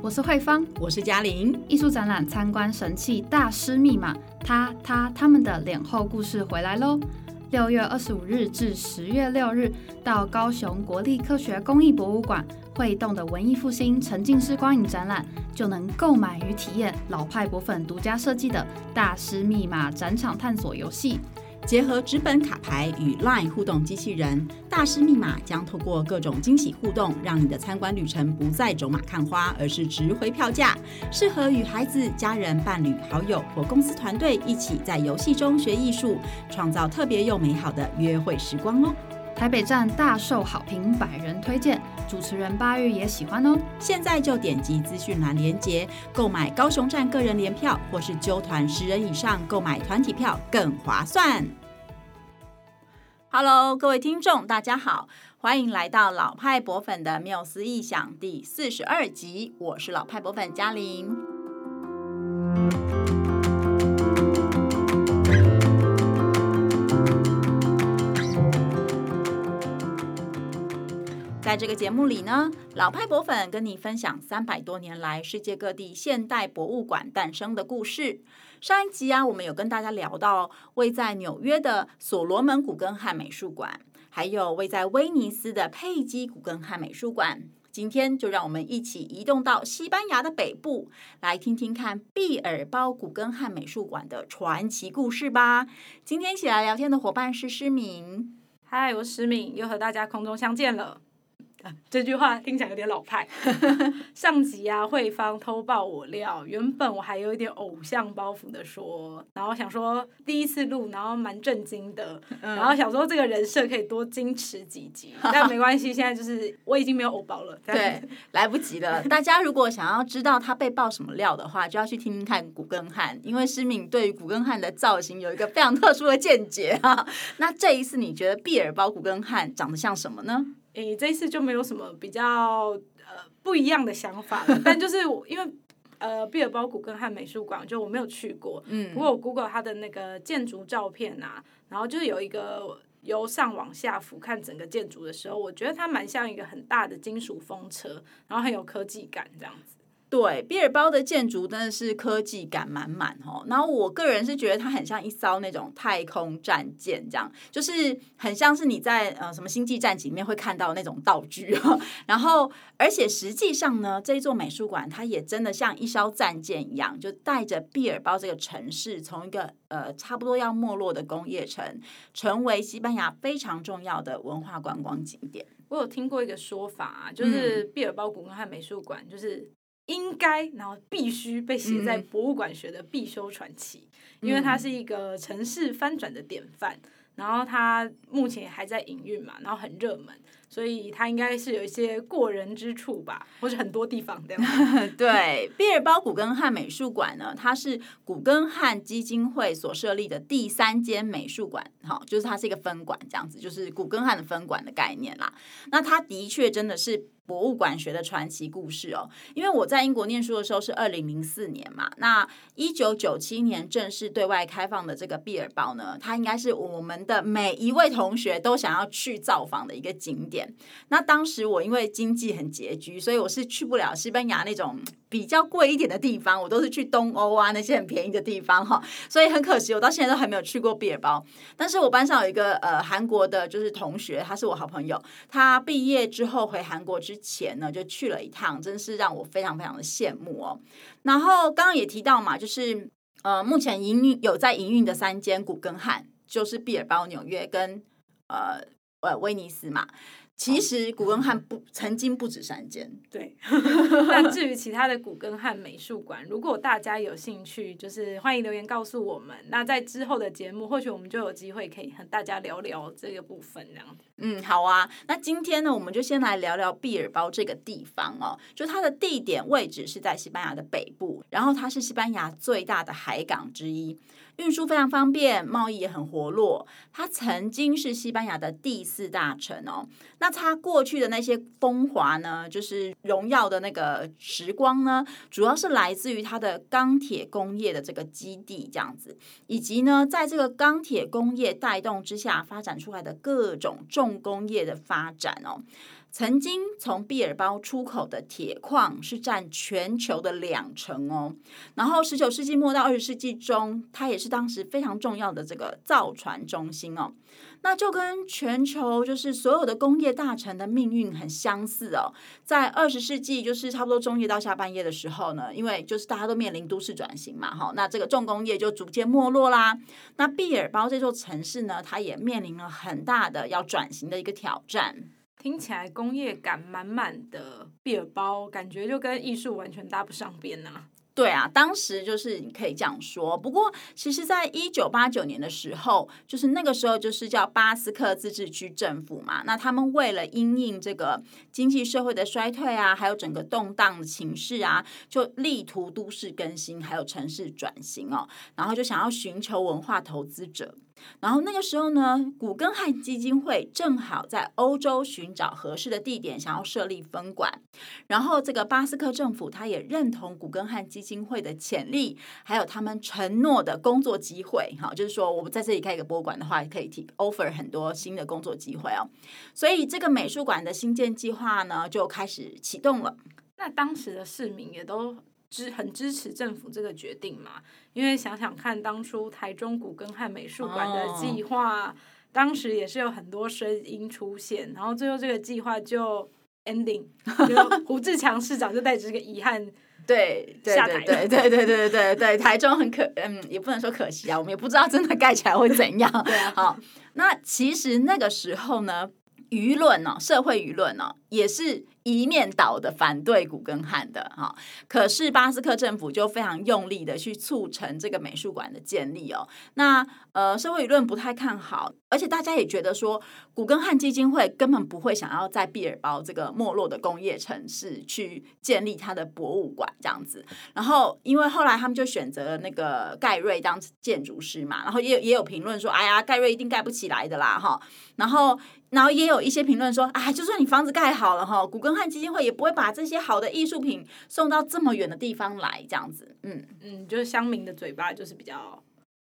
我是慧芳，我是家琳。藝術展覽參觀神器大師密碼，他、他、他們的臉後故事回來嘍！六月二十五日至十月六日，到高雄國立科學工藝博物館會動的文藝復興沉浸式光影展覽，就能購買與體驗老派博粉獨家設計的《大師密碼》展場探索遊戲。結合紙本卡牌與 LINE 互動機器人，大師密碼將透過各種驚喜互動，讓你的參觀旅程不再走馬看花，而是值回票價。適合與孩子、家人、伴侶、好友或公司團隊一起在遊戲中學藝術，創造特別又美好的約會時光哦。台北站大受好評，百人推薦，主持人八月也喜歡哦。現在就點擊資訊欄連結購買高雄站個人聯票，或是揪團十人以上購買團體票更划算。Hello，各位聽眾，大家好，歡迎來到老派博粉的繆斯異想第四十二集，我是老派博粉家琳。在這個節目裡呢，老派博粉跟你分享三百多年來世界各地現代博物館誕生的故事。上一集啊，我們有跟大家聊到位在紐約的索羅門古根漢美術館，還有位在威尼斯的佩姬古根漢美術館。今天就讓我們一起移動到西班牙的北部，來聽聽看畢爾包古根漢美術館的傳奇故事吧。今天一起來聊天的夥伴是詩敏，嗨，我是詩敏，又和大家空中相見了。 這句話聽起來有點老派。 上集啊，慧芳偷爆我料，原本我還有一點偶像包袱的說，然後想說第一次錄，然後蠻震驚的，然後想說這個人設可以多矜持幾集，嗯、但沒關係，現在就是我已經沒有偶包了。 對， 來不及了。大家如果想要知道他被爆什麼料的話，就要去聽聽看古根漢，因為詩敏對於古根漢的造型有一個非常特殊的見解哈、啊。那這一次你覺得畢爾包古根漢長得像什麼呢？你、欸、這一次就沒有什麼比較呃不一樣的想法了， 但就是我因為呃畢爾包古根漢美術館，就我沒有去過，嗯、不過我 Google 它的那個建築照片啊，然後就是有一個由上往下俯瞰整個建築的時候，我覺得它蠻像一個很大的金屬風車，然後很有科技感這樣子。對，畢爾包的建築真的是科技感滿滿哦。然後我個人是覺得它很像一艘那種太空戰艦，這樣就是很像是你在呃什麼星際戰警裡面會看到的那種道具。然後，而且實際上呢，這一座美術館它也真的像一艘戰艦一樣，就帶着畢爾包這個城市從一個呃差不多要沒落的工業城，成為西班牙非常重要的文化觀光景點。我有聽過一個說法，就是畢爾包古根漢美術館就是。應該，然後必須被寫在博物館學的必修傳奇，嗯、因為它是一個城市翻轉的典範。嗯、然後它目前還在營運嘛，然後很熱門，所以它應該是有一些過人之處吧，或者很多地方這樣子。對， 對，畢爾包古根漢美術館呢，它是古根漢基金會所設立的第三間美術館，好、哦，就是它是一個分館這樣子，就是古根漢的分館的概念啦。那它的確真的是。博物館學的傳奇故事哦，因為我在英國念書的時候是二零零四年嘛，那一九九七年正式對外開放的這個畢爾包呢，它應該是我們的每一位同學都想要去造訪的一個景點。那當時我因為經濟很拮據，所以我是去不了西班牙那種比較貴一點的地方，我都是去東歐啊那些很便宜的地方哈、哦，所以很可惜，我到現在都還沒有去過畢爾包。但是我班上有一個呃韓國的，就是同學，他是我好朋友，他畢業之後回韓國之前呢就去了一趟，真是讓我非常非常的羨慕哦。然後剛剛也提到嘛，就是呃，目前營運有在營運的三間古根漢，就是畢爾包、紐約跟呃呃威尼斯嘛。其實古根漢不、嗯、曾經不止三間，對。 但至於其他的古根漢美術館，如果大家有興趣，就是歡迎留言告訴我們。那在之後的節目，或許我們就有機會可以和大家聊聊這個部分，這樣子。嗯，好啊。那今天呢，我們就先來聊聊畢爾包這個地方哦，就它的地點位置是在西班牙的北部，然後它是西班牙最大的海港之一。運輸非常方便，貿易也很活絡。他曾經是西班牙的第四大城哦。那他過去的那些風華呢，就是榮耀的那個時光呢，主要是來自於他的鋼鐵工業的這個基地這樣子，以及呢，在這個鋼鐵工業帶動之下發展出來的各種重工業的發展哦。曾經從畢爾包出口的鐵礦是占全球的兩成哦，然後十九世紀末到二十世紀中，它也是當時非常重要的這個造船中心哦。那就跟全球就是所有的工業大城的命運很相似哦。在二十世紀，就是差不多中葉到下半葉的時候呢，因為就是大家都面臨都市轉型嘛，哈，那這個重工業就逐漸沒落啦。那畢爾包這座城市呢，它也面臨了很大的要轉型的一個挑戰。聽起來工業感滿滿的畢爾包，感覺就跟藝術完全搭不上邊吶、啊。對啊，當時就是你可以這樣說。不過，其實，在一九八九年的時候，就是那個時候，就是叫巴斯克自治區政府嘛，那他們為了因應這個經濟社會的衰退啊，還有整個動盪的情勢啊，就力圖都市更新，還有城市轉型哦，然後就想要尋求文化投資者。然後那個時候呢，古根漢基金會正好在歐洲尋找合適的地點，想要設立分館。然後這個巴斯克政府他也認同古根漢基金會的潛力，還有他們承諾的工作機會。哈，就是說我們在這裡開一個博物館的話，可以提 offer 很多新的工作機會哦。所以這個美術館的新建計劃呢，就開始啟動了。那當時的市民也都。支很支持政府這個決定嘛，因為想想看，當初台中古根漢美術館的計劃，哦、當時也是有很多聲音出現，然後最後這個計劃就 ending。 胡志強市長就帶着這個遺憾下對，對下台。對對對對對對台中很可，嗯，也不能說可惜啊，我們也不知道真的蓋起來會怎樣。對啊，好，那其實那個時候呢，輿論呢、哦，社會輿論呢、哦。也是一面倒的反對古根漢的哈、哦，可是巴斯克政府就非常用力的去促成這個美術館的建立哦。那呃，社會輿論不太看好，而且大家也覺得說，古根漢基金會根本不會想要在畢爾包這個沒落的工業城市去建立他的博物館這樣子。然後，因為後來他們就選擇了那個蓋瑞當建築師嘛，然後也有也有評論說，哎呀，蓋瑞一定蓋不起來的啦哈、哦。然後，然後也有一些評論說，啊、哎，就算你房子蓋，好了哈、哦，古根漢基金會也不會把這些好的藝術品送到這麼遠的地方來，這樣子。嗯嗯，就是鄉民的嘴巴就是比較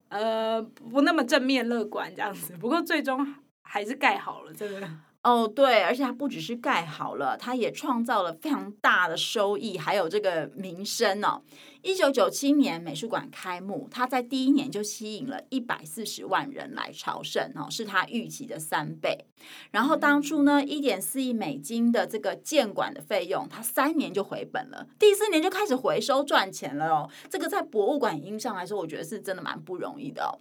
呃不那麼正面樂觀這樣子。不過最終還是蓋好了，真的。哦，對，而且它不只是蓋好了，它也創造了非常大的收益，還有這個名聲哦。一九九七年美術館開幕，它在第一年就吸引了一百四十萬人來朝聖哦，是它預期的三倍。然後當初呢，一點四億美金的這個建館的費用，它三年就回本了，第四年就開始回收賺錢了哦。這個在博物館意義上來說，我覺得是真的蠻不容易的、哦。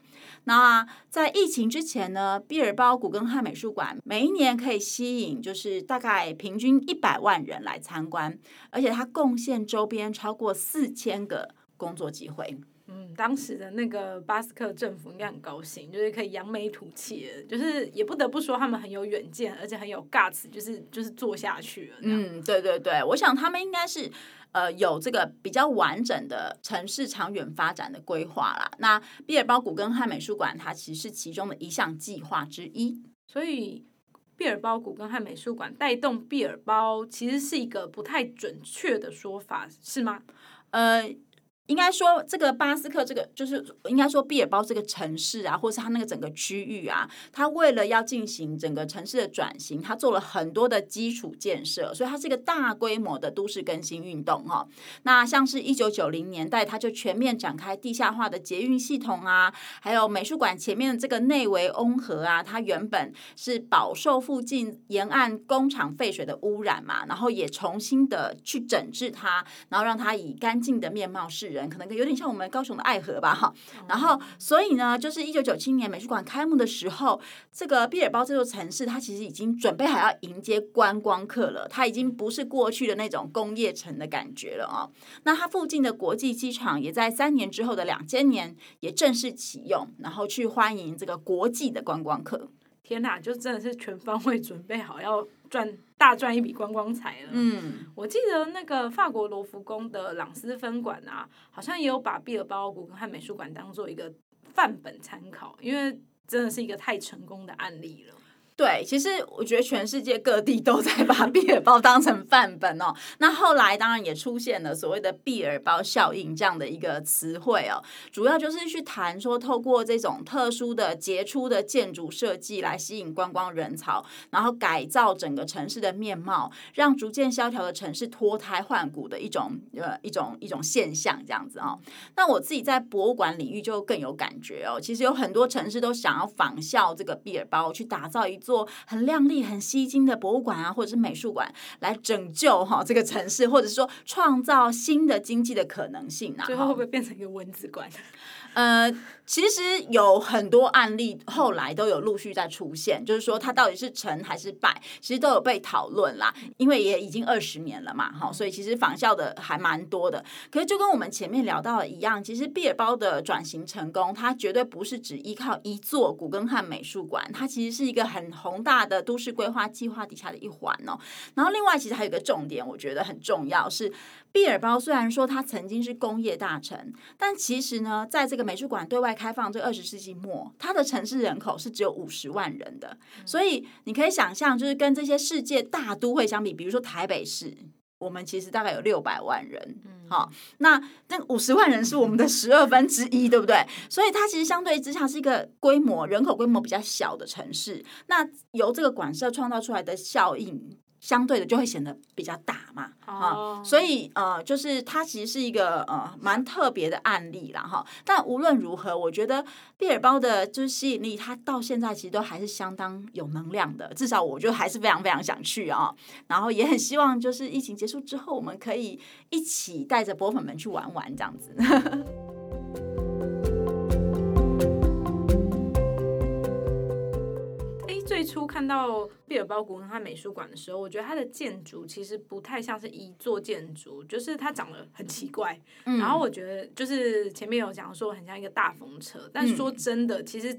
那、啊、在疫情之前呢，畢爾包古根漢美術館每一年可以被吸引就是大概平均一百萬人來參觀，而且他貢獻周邊超過四千個工作機會。嗯，當時的那個巴斯克政府應該很高興，就是可以揚眉吐氣。就是也不得不說他們很有遠見，而且很有 guts，就是就是做下去。嗯，對對對，我想他們應該是呃有這個比較完整的城市長遠發展的規劃啦。那畢爾包古根漢美術館它其實是其中的一項計劃之一，所以。畢爾包古根漢美術館帶動畢爾包，其實是一個不太準確的說法，是嗎？呃。應該說，這個巴斯克這個就是應該說畢爾包這個城市啊，或是它那個整個區域啊，它為了要進行整個城市的轉型，它做了很多的基礎建設，所以它是一個大規模的都市更新運動哦。那像是一九九零年代，它就全面展開地下化的捷運系統啊，還有美術館前面的這個內維翁河啊，它原本是飽受附近沿岸工廠廢水的污染嘛，然後也重新的去整治它，然後讓它以乾淨的面貌示人。人可能有點像我們高雄的愛河吧，哈、嗯。然後，所以呢，就是一九九七年美術館開幕的時候，這個畢爾包這座城市，它其實已經準備好要迎接觀光客了，它已經不是過去的那種工業城的感覺了哦。那它附近的國際機場也在三年之後的兩千年也正式啟用，然後去歡迎這個國際的觀光客。天吶、啊，就真的是全方位準備好要賺大賺一筆觀光財了。嗯，我記得那個法國羅浮宮的朗斯分館啊，好像也有把畢爾包古根漢美術館當做一個範本參考，因為真的是一個太成功的案例了。對，其實我覺得全世界各地都在把畢爾包當成範本哦。那後來當然也出現了所謂的「畢爾包效應」這樣的一個詞彙哦，主要就是去談說透過這種特殊的、傑出的建築設計來吸引觀光人潮，然後改造整個城市的面貌，讓逐漸蕭條的城市脫胎換骨的一種呃一種一種現象這樣子哦。那我自己在博物館領域就更有感覺哦，其實有很多城市都想要仿效這個畢爾包去打造一。做很亮麗、很吸睛的博物館啊，或者是美術館，來拯救哈這個城市，或者說創造新的經濟的可能性，後最後會不會變成一個蚊子館？呃。其實有很多案例，後來都有陸續在出現，就是說它到底是成還是敗，其實都有被討論啦。因為也已經二十年了嘛，哈、哦，所以其實仿效的還蠻多的。可是就跟我們前面聊到的一樣，其實畢爾包的轉型成功，它絕對不是只依靠一座古根漢美術館，它其實是一個很宏大的都市規劃計劃底下的一環哦。然後另外，其實還有一個重點，我覺得很重要是，畢爾包雖然說它曾經是工業大城，但其實呢，在這個美術館對外。開放在二十世紀末，它的城市人口是只有五十萬人的，嗯、所以你可以想象就是跟這些世界大都會相比，比如說台北市，我們其實大概有六百萬人，好、嗯哦，那那五十萬人是我們的十二分之一，2, 對不對？所以它其實相對之下是一個規模人口規模比較小的城市，那由這個館舍創造出來的效應，相對的就會顯得比較大嘛，oh. 哦、所以呃，就是它其實是一個呃蠻特別的案例啦。哈、哦。但無論如何，我覺得畢爾包的就是吸引力，它到現在其實都還是相當有能量的。至少我就還是非常非常想去啊、哦，然後也很希望就是疫情結束之後，我們可以一起帶着博粉們去玩玩這樣子。呵呵初看到畢爾包古根漢美術館的時候，我覺得它的建築其實不太像是一座建築，就是它長得很奇怪。嗯、然後我覺得，就是前面有講說很像一個大風車，但是說真的，嗯、其實。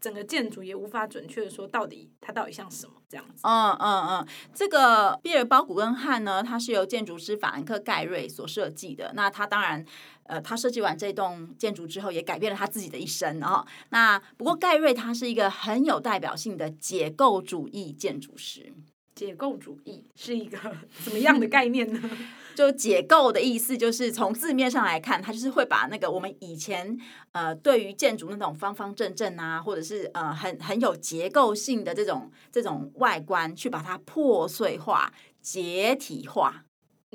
整個建築也無法準確地說，到底它到底像什麼這樣子。嗯嗯嗯，這個畢爾包古根漢呢，它是由建築師法蘭克蓋瑞所設計的。那他當然，呃，他設計完這棟建築之後，也改變了他自己的一生啊、哦。那不過蓋瑞他是一個很有代表性的解構主義建築師。解構主義是一個怎麼樣的概念呢？ 就解構的意思，就是從字面上來看，它就是會把那個我們以前呃對於建築那種方方正正啊，或者是呃很很有結構性的這種這種外觀，去把它破碎化、解體化。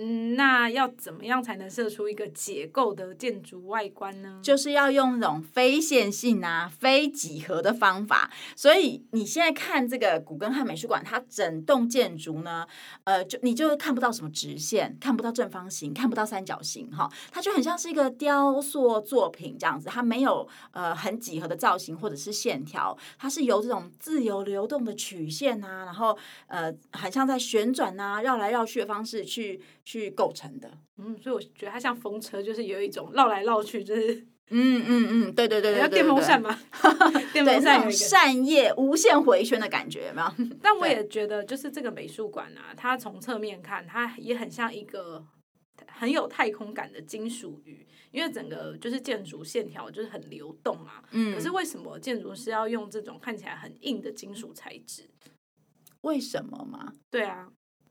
嗯，那要怎麼樣才能設出一個解構的建築外觀呢？就是要用這種非線性啊、非幾何的方法。所以你現在看這個古根漢美術館，它整棟建築呢，呃，就你就看不到什麼直線，看不到正方形，看不到三角形，哈、哦，它就很像是一個雕塑作品這樣子。它沒有呃很幾何的造型或者是線條，它是由這種自由流動的曲線啊，然後呃，很像在旋轉啊、繞來繞去的方式去。去構成的，嗯，所以我覺得它像風車，就是有一種繞來繞去，就是，嗯嗯嗯，對對對，像電風扇嗎？對對對對 電風扇扇葉無限迴旋的感覺，有沒有？但我也覺得，就是這個美術館啊，它從側面看，它也很像一個很有太空感的金屬魚，因為整個就是建築線條就是很流動啊。嗯。可是為什麼建築師要用這種看起來很硬的金屬材質？為什麼嗎？對啊。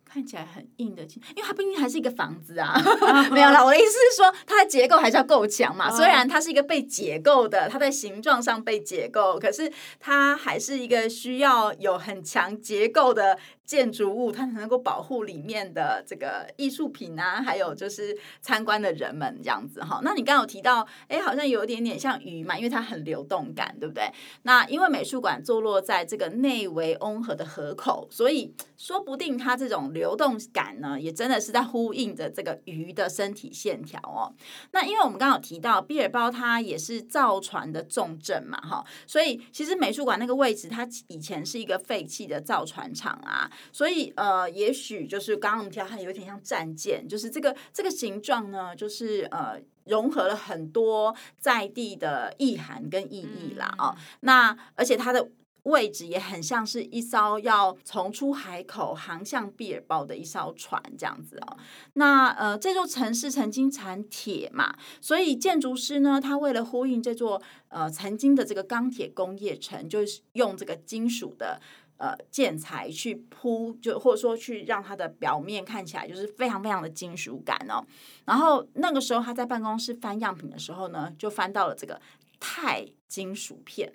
看起來很硬的，因為它畢竟還是一個房子啊。Oh. 沒有啦，我的意思是說，它的結構還是要夠強嘛。Oh. 雖然它是一個被解構的，它在形狀上被解構，可是它還是一個需要有很強結構的。建築物它才能夠保護裡面的這個藝術品啊，還有就是參觀的人們這樣子哈。那你剛有提到，哎、欸，好像有一點點像魚嘛，因為它很流動感，對不對？那因為美術館坐落在這個內維翁河的河口，所以說不定它這種流動感呢，也真的是在呼應着這個魚的身體線條哦、喔。那因為我們剛有提到，畢爾包它也是造船的重鎮嘛，哈，所以其實美術館那個位置，它以前是一個廢棄的造船廠啊。所以，呃，也許就是剛剛我們提到，它有點像戰艦，就是這個這個形狀呢，就是呃，融合了很多在地的意涵跟意義啦。嗯嗯哦，那而且它的位置也很像是一艘要從出海口航向畢爾包的一艘船這樣子哦。那呃，這座城市曾經產鐵嘛，所以建築師呢，他為了呼應這座呃曾經的這個鋼鐵工業城，就是用這個金屬的。呃，建材去鋪，就或者說去讓它的表面看起來就是非常非常的金屬感哦。然後那個時候他在辦公室翻樣品的時候呢，就翻到了這個鈦金屬片，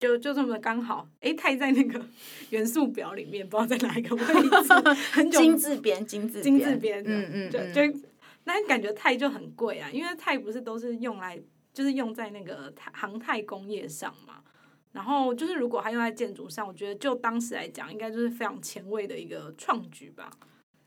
就就這麼剛好，哎，鈦在那個元素表裡面不知道在哪一個位置， 金字邊金字金字邊，金字邊嗯嗯對就，就嗯那你感覺鈦就很貴啊，因為鈦不是都是用來就是用在那個航太工業上嘛。然後就是，如果它用在建築上，我覺得就當時來講，應該就是非常前衛的一個創舉吧。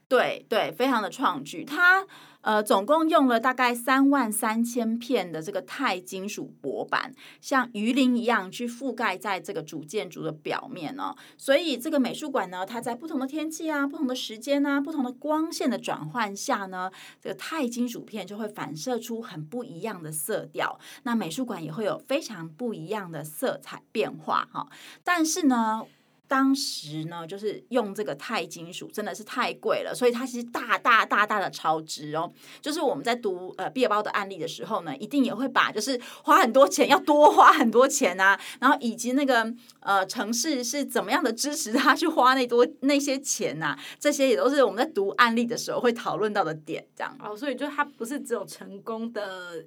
對對，非常的創舉。它。呃，總共用了大概三萬三千片的這個鈦金屬薄板，像魚鱗一樣去覆蓋在這個主建築的表面哦。所以這個美術館呢，它在不同的天氣啊、不同的時間啊、不同的光線的轉換下呢，這個鈦金屬片就會反射出很不一樣的色調，那美術館也會有非常不一樣的色彩變化哈哦。但是呢。當時呢，就是用這個鈦金屬真的是太貴了，所以它其實大大大大的超值哦。就是我們在讀呃畢爾包的案例的時候呢，一定也會把就是花很多錢，要多花很多錢啊，然後以及那個呃城市是怎麼樣的支持他去花那多那些錢吶、啊，這些也都是我們在讀案例的時候會討論到的點，這樣。哦，所以就它不是只有成功的、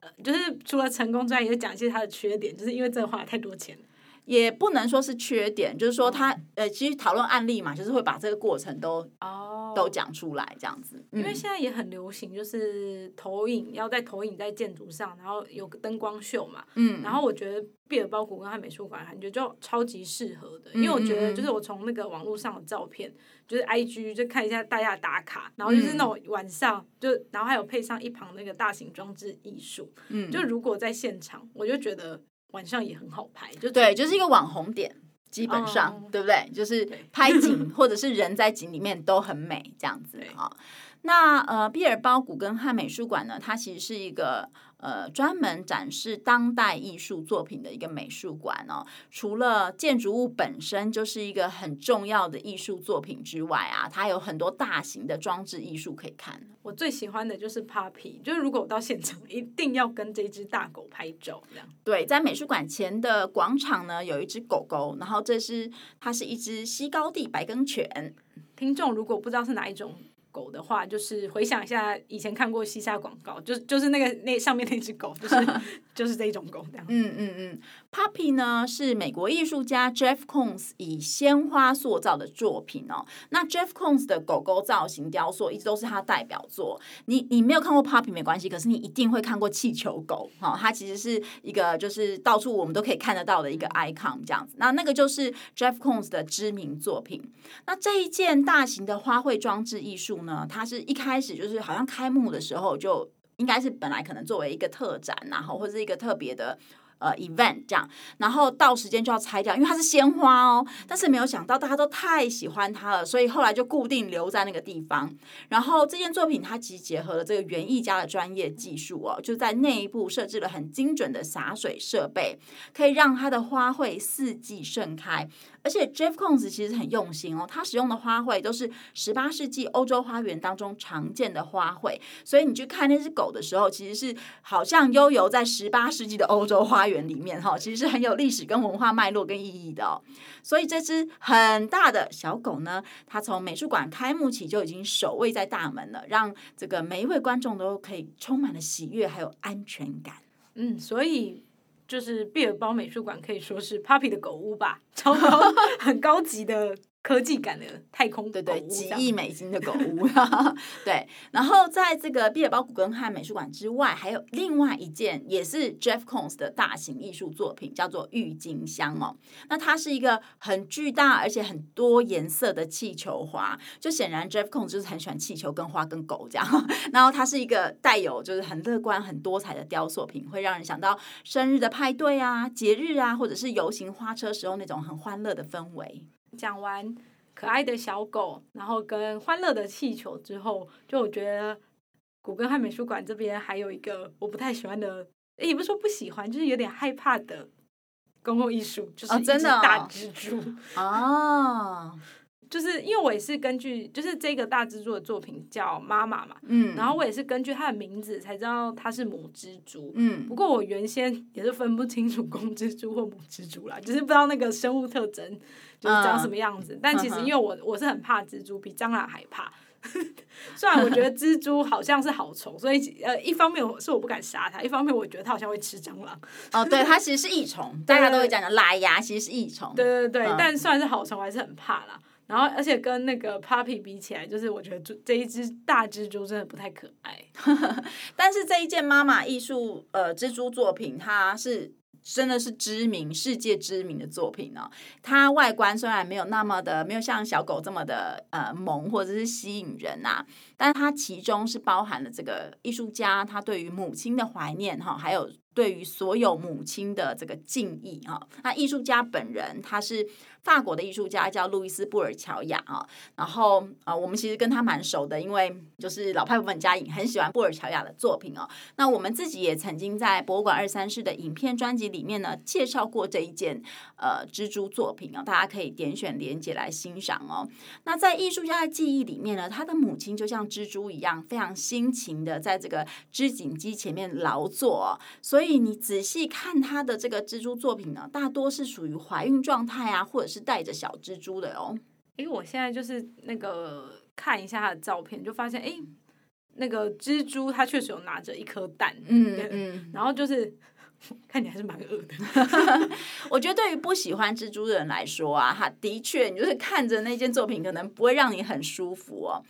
呃，就是除了成功之外，也講一些它的缺點，就是因為真的花了太多錢。也不能說是缺點，就是說他呃，其實討論案例嘛，就是會把這個過程都、oh, 都講出來這樣子。因為現在也很流行，就是投影要在投影在建築上，然後有個燈光秀嘛，嗯，然後我覺得畢爾包古根漢美術館感覺就超級適合的，嗯、因為我覺得就是我從那個網絡上的照片，就是 IG 就看一下大家的打卡，然後就是那種晚上就，然後還有配上一旁那個大型裝置藝術，嗯，就如果在現場，我就覺得。晚上也很好拍，就對，就是一個網紅點，基本上、oh. 對不對？就是拍景或者是人在景裡面都很美，這樣子啊對。好。那呃，畢爾包古根漢美術館呢，它其實是一個。呃，專門展示當代藝術作品的一個美術館哦，除了建築物本身就是一個很重要的藝術作品之外啊，它有很多大型的裝置藝術可以看。我最喜歡的就是 Puppy，就是如果我到現場，一定要跟這隻大狗拍照，這樣對，在美術館前的廣場呢，有一隻狗狗，然後這是它是一隻西高地白梗犬。聽眾如果不知道是哪一種，狗的話，就是回想一下以前看過西沙廣告，就就是那個那上面那隻狗，就是就是這一種狗這樣。 嗯嗯嗯，Puppy 呢是美國藝術家 Jeff Koons 以鮮花塑造的作品哦。那 Jeff Koons 的狗狗造型雕塑一直都是他代表作。你你沒有看過 Puppy 沒關係，可是你一定會看過氣球狗，好、哦，它其實是一個就是到處我們都可以看得到的一個 icon 這樣子。那那個就是 Jeff Koons 的知名作品。那這一件大型的花卉裝置藝術呢。呢，它是一開始就是好像開幕的時候就應該是本來可能作為一個特展，啊，然後或者是一個特別的呃 event 這樣，然後到時間就要拆掉，因為它是鮮花哦。但是沒有想到大家都太喜歡它了，所以後來就固定留在那個地方。然後這件作品它其實結合了這個園藝家的專業技術哦，啊，就在內部設置了很精準的灑水設備，可以讓它的花卉四季盛開。而且 Jeff Koons 其實很用心哦，他使用的花卉都是十八世紀歐洲花園當中常見的花卉，所以你去看那隻狗的時候，其實是好像悠游在十八世紀的歐洲花園裡面哈、哦，其實是很有歷史跟文化脈絡跟意義的哦。所以這隻很大的小狗呢，它從美術館開幕起就已經守衛在大門了，讓這個每一位觀眾都可以充滿了喜悅還有安全感。嗯，所以。就是畢爾包美術館可以說是 Puppy 的狗屋吧，超超很高級的。 科技感的太空對對，幾億美金的狗屋啦， 對。然後在這個畢爾包古根漢美術館之外，還有另外一件也是 Jeff Koons 的大型藝術作品，叫做《鬱金香》哦。那它是一個很巨大而且很多顏色的氣球花，就顯然 Jeff Koons 就是很喜歡氣球跟花跟狗這樣。然後它是一個帶有就是很樂觀很多彩的雕塑品，會讓人想到生日的派對啊、節日啊，或者是遊行花車時候那種很歡樂的氛圍。講完可愛的小狗，然後跟歡樂的氣球之後，就我覺得古根漢美術館這邊還有一個我不太喜歡的，也不是說不喜歡，就是有點害怕的公共藝術，就是真的大蜘蛛啊。Oh, 就是因為我也是根據，就是這個大蜘蛛的作品叫媽媽嘛，嗯，然後我也是根據它的名字才知道它是母蜘蛛，嗯，不過我原先也是分不清楚公蜘蛛或母蜘蛛啦，就是不知道那個生物特徵，就是長什麼樣子。嗯、但其實因為我我是很怕蜘蛛，比蟑螂還怕。 雖然我覺得蜘蛛好像是好蟲，所以呃一方面我是我不敢殺它，一方面我覺得它好像會吃蟑螂。 哦，對，它其實是益蟲，大家都會講的拉牙，其實是益蟲。對對對，嗯、但雖然是好蟲，我還是很怕啦。然後，而且跟那個 puppy 比起來，就是我覺得這這一隻大蜘蛛真的不太可愛。 但是這一件媽媽藝術呃蜘蛛作品，它是真的是知名世界知名的作品呢、哦。它外觀雖然沒有那麼的沒有像小狗這麼的呃萌或者是吸引人啊，但是它其中是包含了這個藝術家他對於母親的懷念哈、哦，還有。對於所有母親的這個敬意啊、哦，那藝術家本人他是法國的藝術家，叫路易斯·布爾喬亞啊、哦。然後啊、呃，我們其實跟他蠻熟的，因為就是老派博粉家琳很喜歡布爾喬亞的作品哦。那我們自己也曾經在博物館二三事的影片專輯裡面呢介紹過這一件呃蜘蛛作品哦，大家可以點選連接來欣賞哦。那在藝術家的記憶裡面呢，他的母親就像蜘蛛一樣，非常辛勤的在這個織錦機前面勞作、哦，所以。所以你仔細看他的這個蜘蛛作品呢，大多是屬於懷孕狀態啊，或者是帶着小蜘蛛的哦。因為我現在就是那個看一下他的照片，就發現哎，那個蜘蛛它確實有拿着一顆蛋。嗯嗯。對嗯，然後就是看起來還是蠻餓的。 我覺得對於不喜歡蜘蛛的人來說啊，哈，的確你就是看着那件作品，可能不會讓你很舒服哦。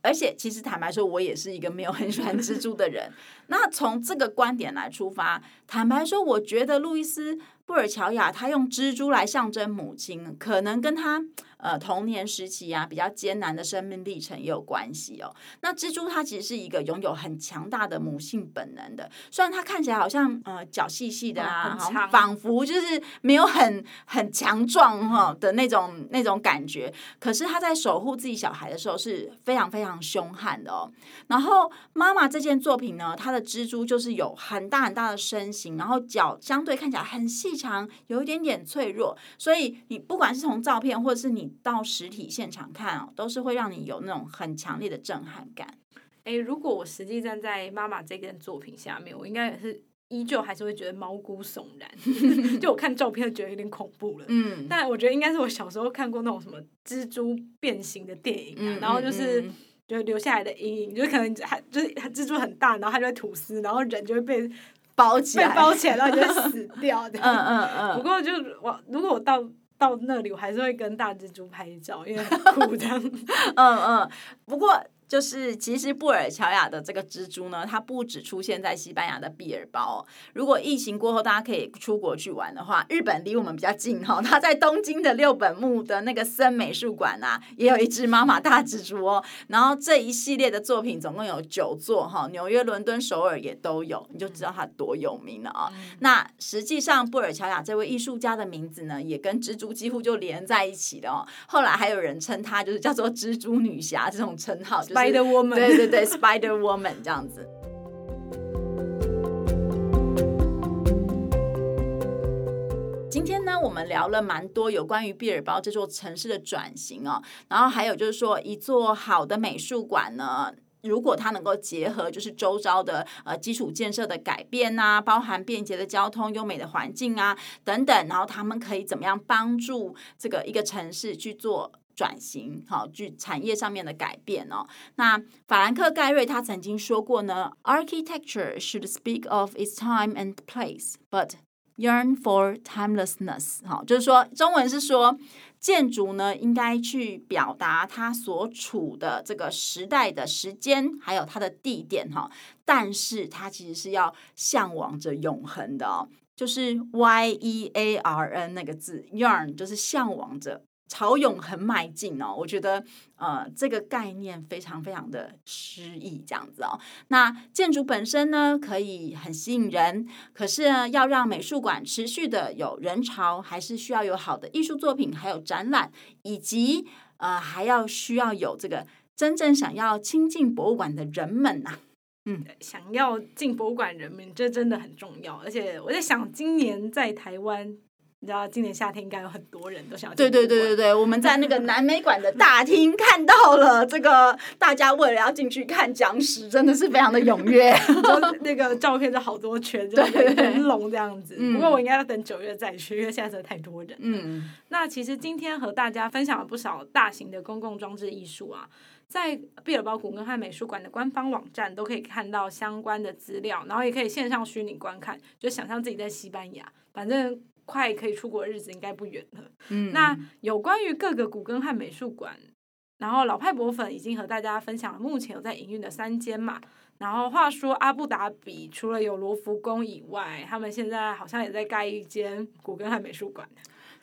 而且，其實坦白說，我也是一個沒有很喜歡蜘蛛的人。 那從這個觀點來出發，坦白說，我覺得路易斯·布爾喬亞他用蜘蛛來象徵母親，可能跟他。呃，童年時期啊，比較艱難的生命歷程也有關係哦。那蜘蛛它其實是一個擁有很強大的母性本能的，雖然它看起來好像呃腳細細的啊，好像仿佛就是沒有很很強壯哈、哦、的那種那種感覺，可是它在守護自己小孩的時候是非常非常凶悍的哦。然後媽媽這件作品呢，它的蜘蛛就是有很大很大的身形，然後腳相對看起來很細長，有一點點脆弱，所以你不管是從照片或者是你。到實體現場看哦，都是會讓你有那種很強烈的震撼感。哎、欸，如果我實際站在媽媽這件作品下面，我應該是依舊還是會覺得毛骨悚然。 就我看照片就覺得有點恐怖了。嗯，但我覺得應該是我小時候看過那種什麼蜘蛛變形的電影，啊，嗯、然後就是就留下來的陰影，嗯嗯、就可能還就是蜘蛛很大，然後它就會吐絲，然後人就會被包起來，被包起來 然後就死掉的，嗯。嗯嗯嗯。不過就我如果我到。到那裡，我還是會跟大蜘蛛拍照，因為很酷這樣。 嗯嗯， 不過。就是其實布爾喬亞的這個蜘蛛呢，它不只出現在西班牙的畢爾包，哦。如果疫情過後大家可以出國去玩的話，日本離我們比較近哈、哦，它在東京的六本木的那個森美術館啊，也有一隻媽媽大蜘蛛哦。然後這一系列的作品總共有九座哈，紐約、倫敦、首爾也都有，你就知道它多有名了啊、哦。那實際上布爾喬亞這位藝術家的名字呢，也跟蜘蛛幾乎就連在一起的哦。後來還有人稱它就是叫做蜘蛛女俠這種稱號就是。是 Spider Woman，對對對，Spider Woman 這樣子。今天呢，我們聊了蠻多有關於畢爾包這座城市的轉型哦，然後還有就是說，一座好的美術館呢，如果它能夠結合就是周遭的呃基礎建設的改變啊，包含便捷的交通、優美的環境啊等等，然後他們可以怎麼樣幫助這個一個城市去做轉型好。就產業上面的改變哦。那法蘭克蓋瑞他曾經說過呢：“Architecture should speak of its time and place, but yearn for timelessness。”哈，就是說，中文是說，建築呢應該去表達它所處的這個時代的時間，還有它的地點哈。但是它其實是要向往着永恆的哦，就是 “yearn” 那個字，“yearn” 就是向往着。潮湧很邁進哦，我覺得呃這個概念非常非常的詩意這樣子哦。那建築本身呢可以很吸引人，可是呢要讓美術館持續的有人潮，還是需要有好的藝術作品，還有展覽，以及呃還要需要有這個真正想要親近博物館的人們吶、啊。嗯，想要進博物館，人們這真的很重要。而且我在想，今年在台灣。你知道今年夏天應該有很多人都想要對,對對對對對， 我們在那個南美館的大廳看到了這個，大家為了要進去看講師，真的是非常的踊躍，那個照片就好多圈就是龍，人龍這樣子。不過我應該要等九月再去，因為現在是太多人。嗯，那其實今天和大家分享了不少大型的公共裝置藝術啊，在畢爾包古根漢美術館的官方網站都可以看到相關的資料，然後也可以線上虛擬觀看，就想象自己在西班牙，反正。快可以出國的日子應該不遠了。嗯，嗯，那有關於各個古根漢美術館，然後老派博粉已經和大家分享了目前有在營運的三間嘛。然後話說阿布達比除了有羅浮宮以外，他們現在好像也在蓋一間古根漢美術館。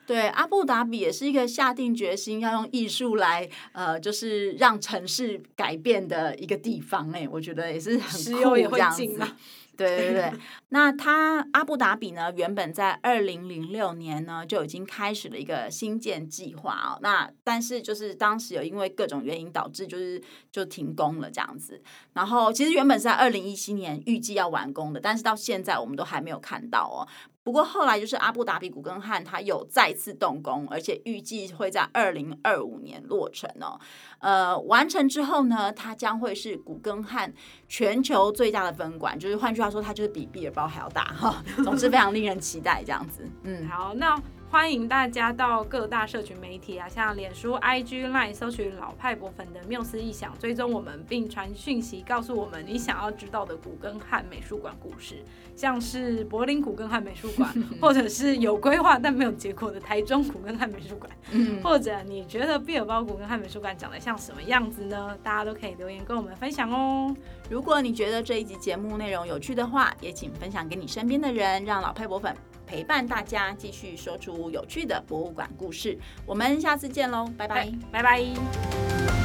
對，阿布達比也是一個下定決心要用藝術來呃，就是讓城市改變的一個地方。哎，我覺得也是很酷，石油也會嘛這樣子。 對對對，那它阿布達比呢？原本在二零零六年呢就已經開始了一個新建計劃哦，那但是就是當時有因為各種原因導致就是就停工了這樣子。然後其實原本是在二零一七年預計要完工的，但是到現在我們都還沒有看到哦。不過後來就是阿布達比古根漢，它有再次動工，而且預計會在二零二五年落成哦。呃，完成之後呢，它將會是古根漢全球最大的分館，就是換句話說，它就是比畢爾包還要大哈、哦。總之非常令人期待 這樣子。嗯，好，那。歡迎大家到各大社群媒體啊，像臉書、IG、LINE，搜尋老派博粉的繆斯異響，追蹤我們，並傳訊息告訴我們你想要知道的古根漢美術館故事，像是柏林古根漢美術館， 或者是有規劃但沒有結果的台中古根漢美術館， 或者你覺得畢爾包古根漢美術館長得像什麼樣子呢？大家都可以留言跟我們分享哦。如果你覺得這一集節目內容有趣的話，也請分享給你身邊的人，讓老派博粉。陪伴大家繼續說出有趣的博物館故事，我們下次見嘍，拜拜、哎，拜拜。